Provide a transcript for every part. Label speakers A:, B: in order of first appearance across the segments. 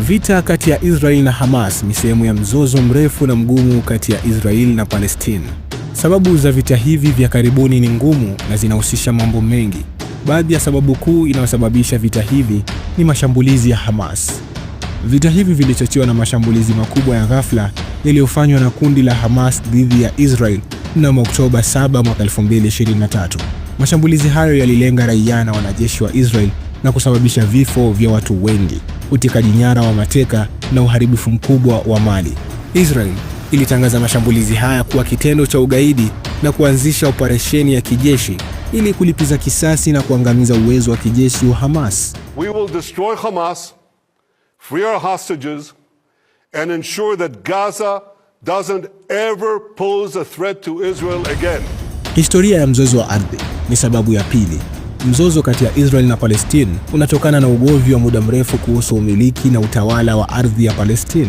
A: Vita kati ya Israel na Hamas ni sehemu ya mzozo mrefu na mgumu kati ya Israel na Palestina. Sababu za vita hivi vya karibuni ni ngumu na zinahusisha mambo mengi. Baadhi ya sababu kuu inayosababisha vita hivi ni mashambulizi ya Hamas. Vita hivi vilichochewa na mashambulizi makubwa ya ghafla yaliyofanywa na kundi la Hamas dhidi ya Israel mnamo Oktoba 7 mwaka 2023. Mashambulizi hayo yalilenga raia na wanajeshi wa Israel na kusababisha vifo vya watu wengi utekaji nyara wa mateka na uharibifu mkubwa wa mali. Israel ilitangaza mashambulizi haya kuwa kitendo cha ugaidi na kuanzisha operesheni ya kijeshi ili kulipiza kisasi na kuangamiza uwezo wa kijeshi wa Hamas.
B: We will destroy Hamas, free our hostages and ensure that Gaza doesn't ever pose a threat to Israel again.
A: Historia ya mzozo wa ardhi ni sababu ya pili Mzozo kati ya Israel na Palestine unatokana na ugomvi wa muda mrefu kuhusu umiliki na utawala wa ardhi ya Palestine.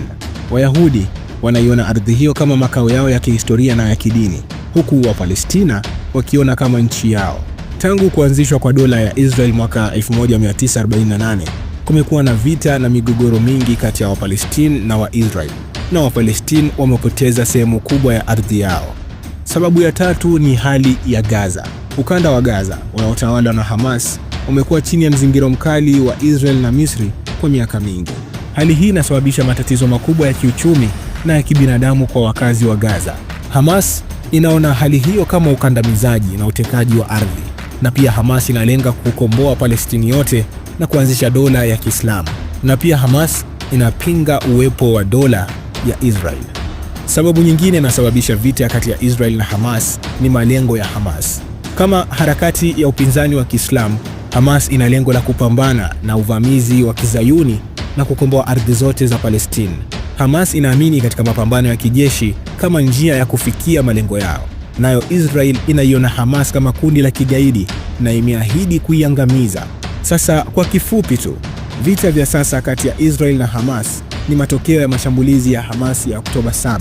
A: Wayahudi wanaiona ardhi hiyo kama makao yao ya kihistoria na ya kidini, huku Wapalestina wakiona kama nchi yao. Tangu kuanzishwa kwa dola ya Israel mwaka 1948 kumekuwa na vita na migogoro mingi kati ya Wapalestine na Waisrael, na Wapalestine wamepoteza sehemu kubwa ya ardhi yao. Sababu ya tatu ni hali ya Gaza. Ukanda wa Gaza unaotawala na Hamas umekuwa chini ya mzingiro mkali wa Israel na Misri kwa miaka mingi. Hali hii inasababisha matatizo makubwa ya kiuchumi na ya kibinadamu kwa wakazi wa Gaza. Hamas inaona hali hiyo kama ukandamizaji na utekaji wa ardhi, na pia Hamas inalenga kukomboa Palestini yote na kuanzisha dola ya Kiislamu. Na pia Hamas inapinga uwepo wa dola ya Israel. Sababu nyingine inasababisha vita kati ya Israel na Hamas ni malengo ya Hamas. Kama harakati ya upinzani wa Kiislamu, Hamas ina lengo la kupambana na uvamizi wa Kizayuni na kukomboa ardhi zote za Palestine. Hamas inaamini katika mapambano ya kijeshi kama njia ya kufikia malengo yao. Nayo Israel inaiona Hamas kama kundi la kigaidi na imeahidi kuiangamiza. Sasa kwa kifupi tu, vita vya sasa kati ya Israel na Hamas ni matokeo ya mashambulizi ya Hamas ya Oktoba 7,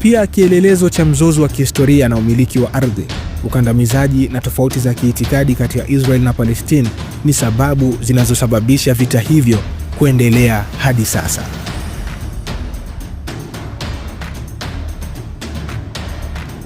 A: pia kielelezo cha mzozo wa kihistoria na umiliki wa ardhi ukandamizaji na tofauti za kiitikadi kati ya Israel na Palestine ni sababu zinazosababisha vita hivyo kuendelea hadi sasa.